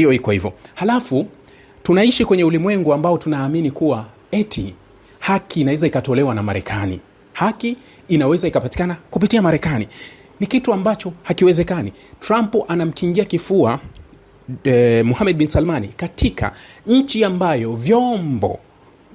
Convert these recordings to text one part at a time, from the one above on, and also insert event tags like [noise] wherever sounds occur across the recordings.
hiyo iko hivyo. Halafu tunaishi kwenye ulimwengu ambao tunaamini kuwa eti haki inaweza ikatolewa na Marekani, haki inaweza ikapatikana kupitia Marekani. Ni kitu ambacho hakiwezekani. Trump anamkingia kifua eh, Muhamed bin Salmani katika nchi ambayo vyombo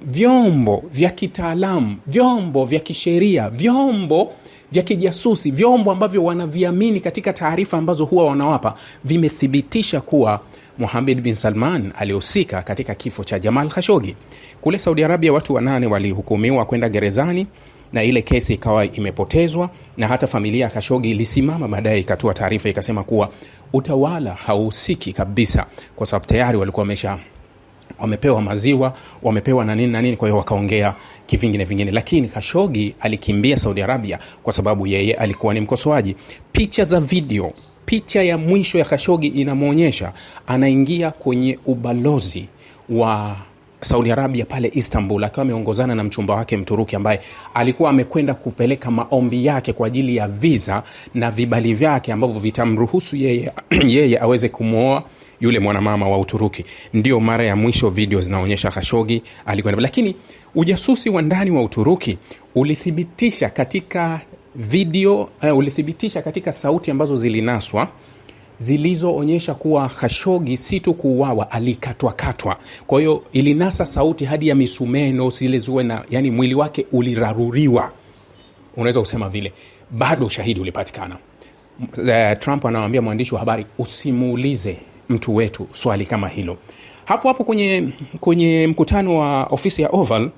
vyombo vya kitaalamu, vyombo vya kisheria, vyombo vya kijasusi, vyombo ambavyo wanaviamini katika taarifa ambazo huwa wanawapa, vimethibitisha kuwa muhamed bin Salman alihusika katika kifo cha Jamal Khashoggi. Kule Saudi Arabia watu wanane walihukumiwa kwenda gerezani na ile kesi ikawa imepotezwa, na hata familia ya khashogi ilisimama baadaye ikatoa taarifa ikasema kuwa utawala hauhusiki kabisa, kwa sababu tayari walikuwa wamesha wamepewa maziwa wamepewa na nini na nini, kwa hiyo wakaongea kivingine vingine. Lakini Kashogi alikimbia Saudi Arabia kwa sababu yeye alikuwa ni mkosoaji. Picha za video, picha ya mwisho ya Kashogi inamwonyesha anaingia kwenye ubalozi wa Saudi Arabia pale Istanbul akiwa ameongozana na mchumba wake Mturuki ambaye alikuwa amekwenda kupeleka maombi yake kwa ajili ya visa na vibali vyake ambavyo vitamruhusu yeye, [clears throat] yeye aweze kumwoa yule mwanamama wa Uturuki. Ndio mara ya mwisho video zinaonyesha Khashoggi alikwenda, lakini ujasusi wa ndani wa Uturuki ulithibitisha katika video uh, ulithibitisha katika sauti ambazo zilinaswa zilizoonyesha kuwa Khashoggi si tu kuuawa, alikatwakatwa. Kwa hiyo ilinasa sauti hadi ya misumeno zilizuwe na, yani mwili wake uliraruriwa, unaweza kusema vile. Bado ushahidi ulipatikana. Eh, Trump anawambia mwandishi wa habari, usimuulize mtu wetu swali kama hilo. Hapo hapo kwenye, kwenye mkutano wa ofisi ya Oval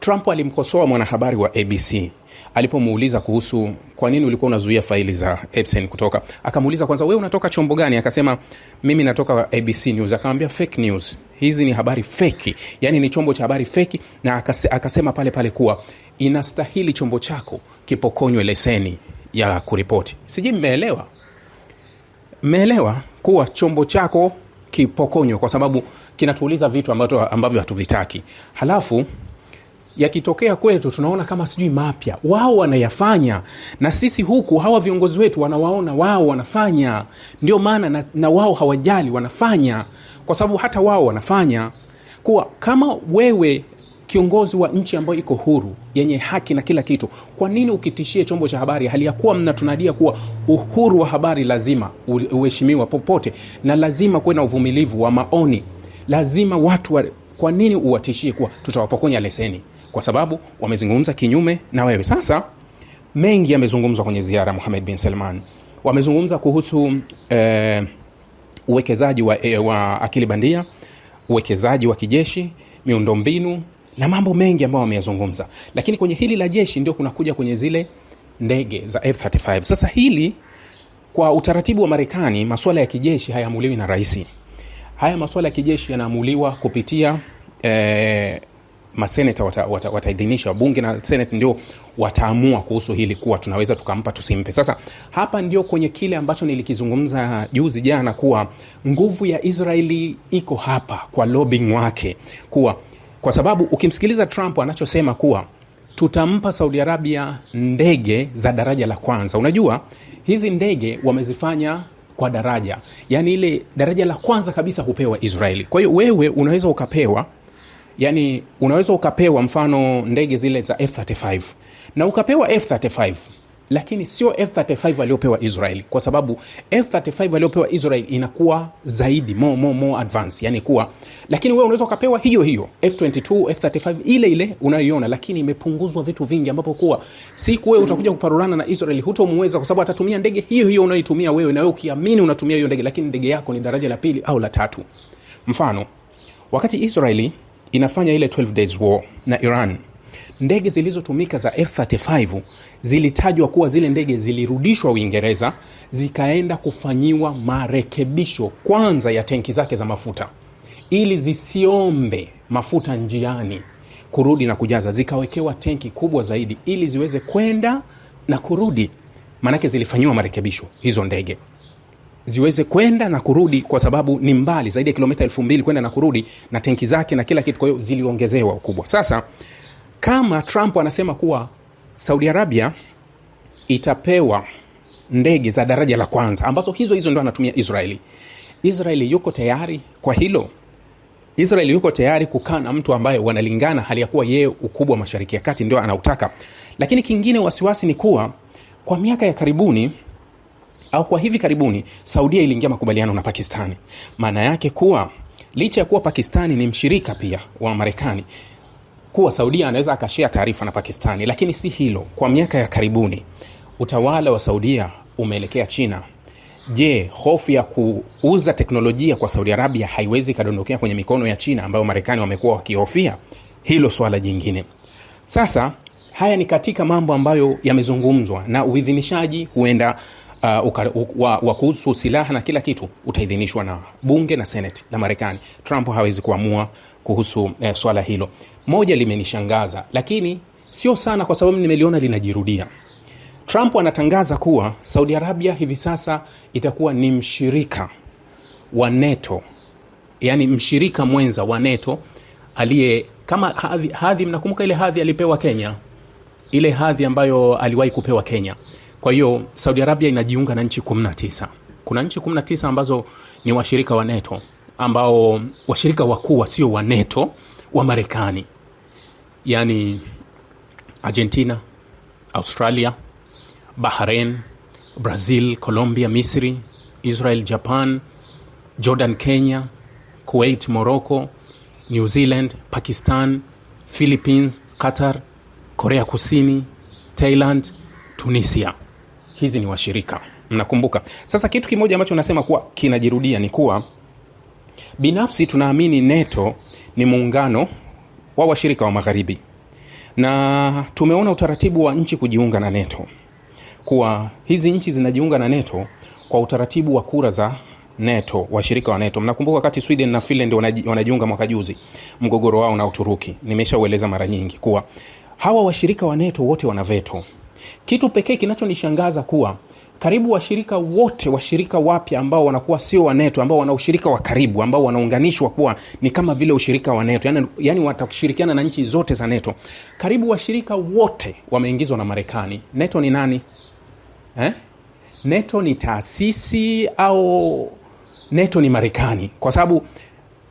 Trump alimkosoa mwanahabari wa ABC alipomuuliza kuhusu kwa nini ulikuwa unazuia faili za epsen kutoka. Akamuuliza kwanza, wewe unatoka chombo gani? Akasema mimi natoka ABC News. Akamwambia fake news, hizi ni habari feki, yani ni chombo cha habari feki. Na akasema pale pale kuwa inastahili chombo chako kipokonywe leseni ya kuripoti. Sijui mmeelewa. Mmeelewa kuwa chombo chako kipokonywa kwa sababu kinatuuliza vitu ambato, ambavyo hatuvitaki. Halafu yakitokea kwetu tunaona kama sijui mapya, wao wanayafanya na sisi huku, hawa viongozi wetu wanawaona wao wanafanya, ndio maana na, na wao hawajali wanafanya, kwa sababu hata wao wanafanya kuwa kama wewe kiongozi wa nchi ambayo iko huru yenye haki na kila kitu, kwa nini ukitishie chombo cha habari hali ya kuwa mnatunadia kuwa uhuru wa habari lazima uheshimiwa popote na lazima kuwe na uvumilivu wa maoni, lazima watu wa... kwa nini uwatishie kuwa tutawapokonya leseni kwa sababu wamezungumza kinyume na wewe? Sasa mengi yamezungumzwa kwenye ziara Mohamed bin Salman, wamezungumza kuhusu eh, uwekezaji wa, eh, wa akili bandia, uwekezaji wa kijeshi, miundombinu na mambo mengi ambayo wameyazungumza, lakini kwenye hili la jeshi ndio kunakuja kwenye zile ndege za F35. Sasa hili kwa utaratibu wa Marekani, masuala ya kijeshi hayaamuliwi na rais. Haya masuala ya kijeshi yanaamuliwa kupitia eh, maseneta wataidhinisha, wata, wata bunge na senate ndio wataamua kuhusu hili kuwa tunaweza tukampa tusimpe. Sasa hapa ndio kwenye kile ambacho nilikizungumza juzi jana kuwa nguvu ya Israeli iko hapa kwa lobbying wake kuwa kwa sababu ukimsikiliza Trump anachosema kuwa tutampa Saudi Arabia ndege za daraja la kwanza. Unajua hizi ndege wamezifanya kwa daraja, yaani ile daraja la kwanza kabisa hupewa Israeli. Kwa hiyo wewe unaweza ukapewa yani, unaweza ukapewa mfano ndege zile za F35 na ukapewa F35 lakini sio F35 waliopewa Israeli, kwa sababu F35 waliopewa Israeli inakuwa zaidi more, more, more advanced, yani kuwa, lakini wewe unaweza ukapewa hiyo hiyo F22 F35 ile ile unayoiona, lakini imepunguzwa vitu vingi, ambapo kuwa siku wewe utakuja kuparurana na Israeli hutomweza, kwa sababu atatumia ndege hiyo hiyo unayoitumia wewe, na wewe ukiamini unatumia hiyo ndege, lakini ndege yako ni daraja la pili au la tatu. Mfano, wakati Israeli inafanya ile 12 days war na Iran Ndege zilizotumika za F35 zilitajwa kuwa zile ndege zilirudishwa Uingereza zikaenda kufanyiwa marekebisho kwanza ya tenki zake za mafuta ili zisiombe mafuta njiani kurudi na kujaza, zikawekewa tenki kubwa zaidi ili ziweze kwenda na kurudi. Maanake zilifanyiwa marekebisho hizo ndege ziweze kwenda na kurudi, kwa sababu ni mbali zaidi ya kilomita elfu mbili kwenda na kurudi, na tenki zake na kila kitu. Kwa hiyo ziliongezewa ukubwa. Sasa kama Trump anasema kuwa Saudi Arabia itapewa ndege za daraja la kwanza ambazo hizo hizo ndo anatumia Israeli. Israeli yuko tayari kwa hilo? Israeli yuko tayari kukaa na mtu ambaye wanalingana, hali ya kuwa yeye ukubwa wa Mashariki ya Kati ndio anautaka. Lakini kingine, wasiwasi ni kuwa kwa miaka ya karibuni au kwa hivi karibuni, Saudia iliingia makubaliano na Pakistani. Maana yake kuwa licha ya kuwa Pakistani ni mshirika pia wa Marekani, kuwa Saudia anaweza akashea taarifa na Pakistani, lakini si hilo. Kwa miaka ya karibuni utawala wa Saudia umeelekea China. Je, hofu ya kuuza teknolojia kwa Saudi Arabia haiwezi ikadondokea kwenye mikono ya China ambayo Marekani wamekuwa wakihofia? Hilo swala jingine. Sasa haya ni katika mambo ambayo yamezungumzwa na uidhinishaji huenda uh, uka, u, wa, wa kuhusu silaha na kila kitu utaidhinishwa na bunge na seneti la Marekani. Trump hawezi kuamua kuhusu eh, swala hilo. Moja limenishangaza, lakini sio sana, kwa sababu nimeliona linajirudia. Trump anatangaza kuwa Saudi Arabia hivi sasa itakuwa ni mshirika wa neto yani mshirika mwenza wa neto aliye kama hadhi, hadhi mnakumbuka ile hadhi alipewa Kenya, ile hadhi ambayo aliwahi kupewa Kenya. Kwa hiyo Saudi Arabia inajiunga na nchi 19. Kuna nchi 19 ambazo ni washirika wa NATO ambao washirika wakuu wasio wa NATO wa Marekani, yani Argentina, Australia, Bahrain, Brazil, Colombia, Misri, Israel, Japan, Jordan, Kenya, Kuwait, Morocco, New Zealand, Pakistan, Philippines, Qatar, Korea Kusini, Thailand, Tunisia hizi ni washirika, mnakumbuka. Sasa kitu kimoja ambacho unasema kuwa kinajirudia ni kuwa binafsi tunaamini NETO ni muungano wa washirika wa magharibi, na tumeona utaratibu wa nchi kujiunga na NETO kuwa hizi nchi zinajiunga na NETO kwa utaratibu wa kura za NETO, washirika wa NETO. Mnakumbuka wakati Sweden na Finland wanajiunga mwaka juzi, mgogoro wao na Uturuki. Nimeshaueleza mara nyingi kuwa hawa washirika wa NETO wote wana veto kitu pekee kinachonishangaza kuwa karibu washirika wote washirika wapya ambao wanakuwa sio waneto ambao wana ushirika wa karibu ambao wanaunganishwa kuwa ni kama vile ushirika wa neto yani, yani watashirikiana na nchi zote za neto karibu washirika wote wameingizwa na marekani neto ni nani eh? neto ni taasisi au neto ni marekani kwa sababu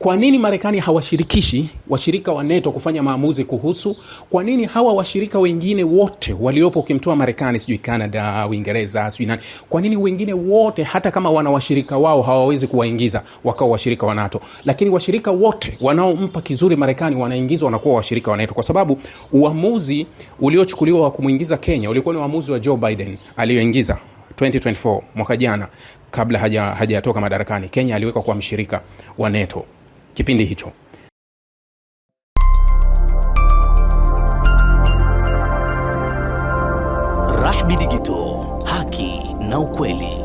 kwa nini Marekani hawashirikishi washirika wa NATO kufanya maamuzi kuhusu? Kwa nini hawa washirika wengine wote waliopo, ukimtoa Marekani, sijui Canada, Uingereza, sijui nani, kwa nini wengine wote, hata kama wana washirika wao, hawawezi kuwaingiza wakawa washirika wa NATO? Lakini washirika wote wanaompa kizuri Marekani wanaingizwa, wanakuwa washirika wa NATO, kwa sababu uamuzi uliochukuliwa wa kumwingiza Kenya ulikuwa ni uamuzi wa Joe Biden aliyoingiza 2024 mwaka jana, kabla hajatoka haja madarakani. Kenya aliwekwa kwa mshirika wa NATO kipindi hicho Rahby Digital, haki na ukweli.